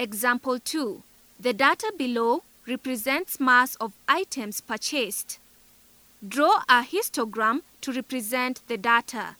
Example 2. The data below represents mass of items purchased. Draw a histogram to represent the data.